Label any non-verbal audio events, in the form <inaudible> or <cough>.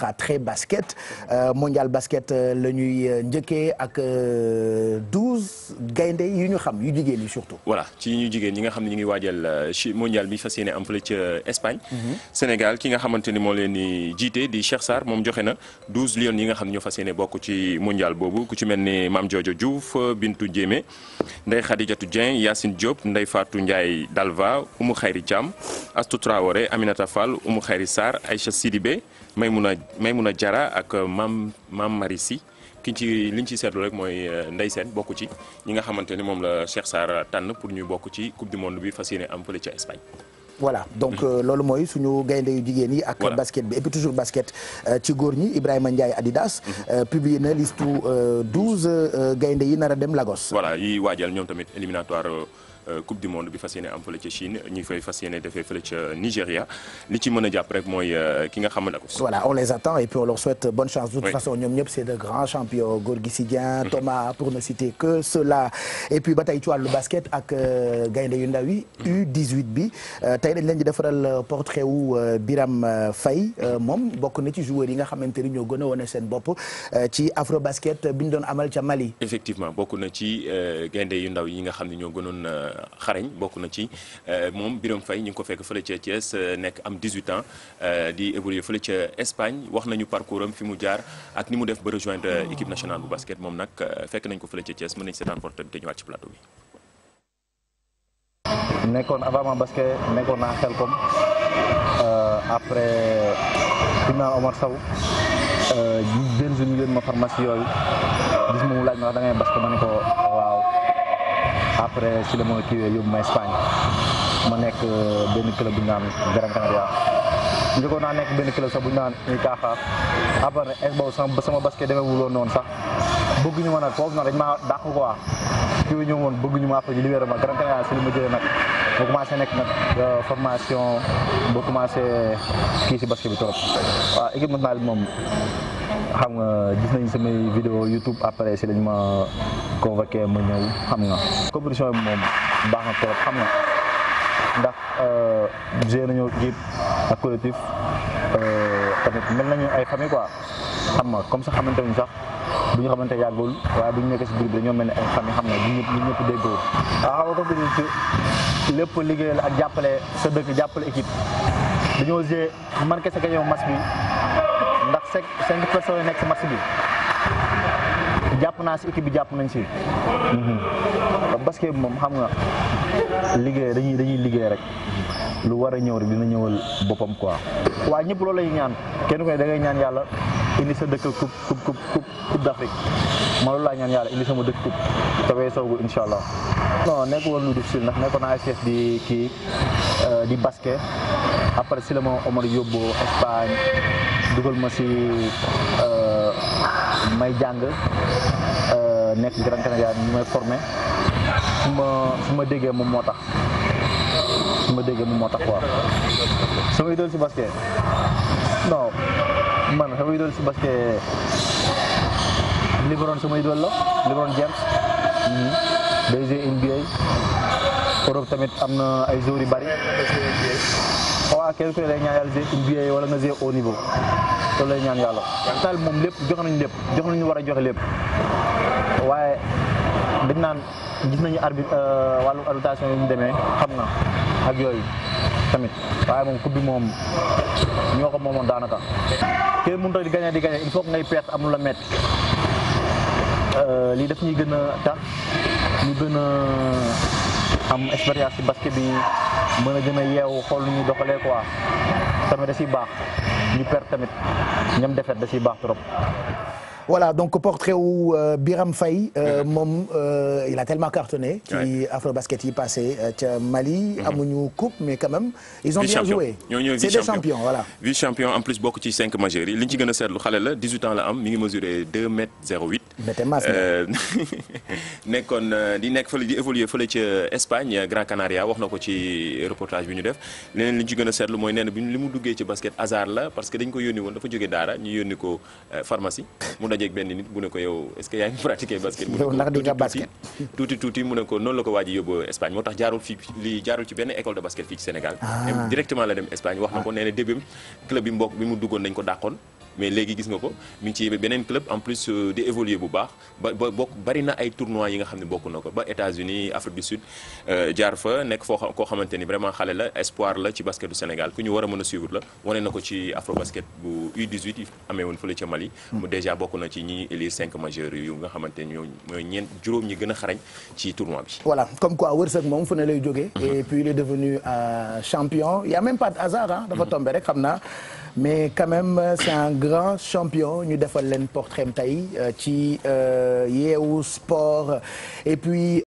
sera très basket euh, mondial basket euh, la ñuy euh, njëkkee ak douze gaynde yu ñu xam yu jigéen ñi surtout. voilà ci ñu jigéen ñi nga xam ne ñu ngi waajal ci mondial bi fas yéene am fële ca Espagne. Mhm. Sénégal ki nga xamante ni moo leen di jiite di Cheikh Sarr moom joxe na douze lions yi nga xam ne ñoo fas yéene bokk ci mondial boobu ku ci mel ni maam Jojo Diouf Bintu Diémé Ndeye Khadijatou Dieng Yacine Diop Ndeye Fatou Ndiaye Dalva Oumou Khayri Thiam Astou Traoré Aminata Fall Oumou Khayri Sarr Aïcha Sidibé Maymouna mun Maimouna Diarra ak maam maam Marie Sy ki ci li ñu ci seetlu rek mooy euh, Ndeye Sène bokk ci ñi nga xamante ni moom la Cheikh Sarr tànn pour ñu bokk ci coupe du monde bi fas yéene am fële ca Espagne. voilà donc euh, loolu mooy suñu gaynde yu jigéen yi ak basket bi et toujours basket euh, ci góor ñi Ibrahima Ndiaye Adidas mhm. publié na listu douze gaynde yi nar a dem Lagos. voilà yi waajal ñoom tamit éliminatoire. Euh, coupe du monde bi fas yéene am fële ci Chine ñu koy fas yéene defee fële ca Nigéria li ci mën a jàpp rek mooy euh, ki nga xaman ako voilà on les attend et puis on leur souhaite bonne chance de toute oui. façon ñoom ñëpp c'est de grands champions Gorgui mhm. Thomas pour ne citer que ceux et puis ba tey ci wàllu basket ak euh, gaynde yu ndaw yi mhm. U18 bi tey dañ leen di defaral portrait wu Biram Faye mhm. moom bokk na ci joueurs yi nga xamante ni ñoo gën a wane seen bopp ci afro basket bi ñu doon amal ca Mali effectivement bokk na ci gaynde yu ndaw yi nga xam ne ñoo gënoon xarañ bokk na ci euh, moom Birame Faye ñu ngi ko fekk fële ca Thiès euh, nekk am 18 ans euh, di évoluer fële ca Espagne wax nañu parcours am fi mu jaar ak ni mu def ba rejoindre équipe nationale bu basket moom nag fekk nañ ko fële ca Thiès mën nañ seetaan portrait bi te ñëwaat ci plateau bi. nekkoon avant basket nekkoon naa Xelkom après fi mu naan saw Sow benn jeune ngeen ma pharmacie yooyu gis mu laaj ma da ngay basket ma ne ko. après si la ma kiiwee yóbbu ma Espagne ma nekk euh, benn club bu ñu naan Gran Canaria njëkkoon naa nekk benn club sax bu ñu naan Unicaja après es boobu sama sama basket demeewul woon noonu sax bëgguñu ma nag foofu nag dañ ma dàq quoi kiiwee ñu woon bëgguñu ma après ñu libéré ma Gran Canaria si la ma jëlee nag ba commencé nekk nag euh, formation ba commencé kii si basket bi trop waaw équipe nationale bi xam nga gis nañ samay vidéo YouTube après si lañ ma convoqué ma ñëw xam nga. compétition bi moom baax na trop xam nga ndax gérer euh, nañoo équipe ak collectif euh, tamit mel nañu ay famille quoi xam nga comme sa xamante wuñ sax bu ñu xamante yàggul waaye bu ñu nekkee si groupe ñoo mel ne ay famille xam nga du ñëpp du ñëpp ko waaw ah, xam nga ci lépp liggéeyal ak jàppale sa dëkk jàppale équipe dañoo gérer man kese ka ñëw match ndax cinq cinq personnes yi nekk si match bi jàpp naa si équipe bi jàpp nañ si. basket mhm. bi moom xam nga liggéey dañuy dañuy liggéey rek lu war a ñëw rek dina ñëwal boppam quoi. waa ñëpp loolu lay ñaan kenn ku ne ñaan yàlla indi sa dëkk coupe coupe d'Afrique ma loolu laa ñaan yàlla indi sama dëkk coupe te weesoo gu incha allah. non nekk woon lu difficile ndax nekkoon naa sees di kii euh, di basket après si la ma Omar yóbbu Espagne. dugal ma si euh, may jàng euh, nekk Grand Canada ñu may formé su ma su ma déggee moom moo tax su ma déggee moom moo tax waaw sama idole si basket non man sama idole si basket LeBron sama idole la LeBron James day mhm. jouer NBA Europe tamit am na ay joueurs yu bari kenn ku ne day ñaan yàlla jouer NBA wala nga jouer au niveau loolu lay yàlla moom lépp jox nañu lépp jox nañu war a joxe lépp waaye dañ naan gis nañu arbitre euh, wàllu arbitrage yi ñu demee xam na ak yooyu tamit waaye moom coupe bi moom ñoo ko daanaka kenn mënut a di gagné di gagné il faut ngay perte am la métti euh, lii daf ñuy gën a tax ñu gën a am expérience ci bi mën a gën a yeewu xool lu ñuy doxalee quoi tamit da ciy baax ñu perte tamit ñam defet da ciy baax trop. voilà donc portrait wu euh, Biram Faye euh, uh-huh. moom euh, il a tellement cartonné ci Afrobasket yi passé ca Mali uh-huh. amuñu coupe mais quand même ils ont bien joué c'est vice champion en plus bokk ci cinq majeurs yi li ñu ci gën a seetlu xale la 18 ans la am mi ngi mesuré 2 mètres 08 <laughs> nekkoon di nekk fële di évoluer fële ca Espagne Gran Canaria wax na ko ci reportage bi ñu def leneen li ñu ci gën a seetlu mooy nee na bi li mu duggee ci basket hasard la parce que dañ ko yónni woon dafa jóge daara ñu yónni ko pharmacie dajeeg benn nit mu ne ko yow mu ne ko noonu la ko a yóbbu Espagne moo tax jaarul li jaarul ci benn école de basket fii ci Sénégal. Ah. directement la dem Espagne wax na ko nee na début club bi mbokk bi mu duggoon dañ ko dàqoon mais léegi gis nga ko mu ngi ci beneen club en plus euh, di évoluer bu baax ba ba bokk bari na ay tournois yi nga xam ne bokk na ko ba États-Unis Afrique du Sud euh, jaar fa nekk foo koo xamante ni vraiment xale la espoir la ci basket du Sénégal ku ñu war a mën a suivre la wane na ko ci afro basket bu U18 yi amee woon fële ca Mali. mu hmm. déjà bokk na ci ñi élire cinq majeurs yu nga xamante ni ñooñu ñeent juróom ñi gën a xarañ ci tournoi bi. voilà comme quoi wërsëg moom fu hmm. euh, a même pas de hmm. rek xam naa. mais quand même euh, c'est un grand champion ñu defal leen portrait tey euh, ci euh, yeewu sport et puis.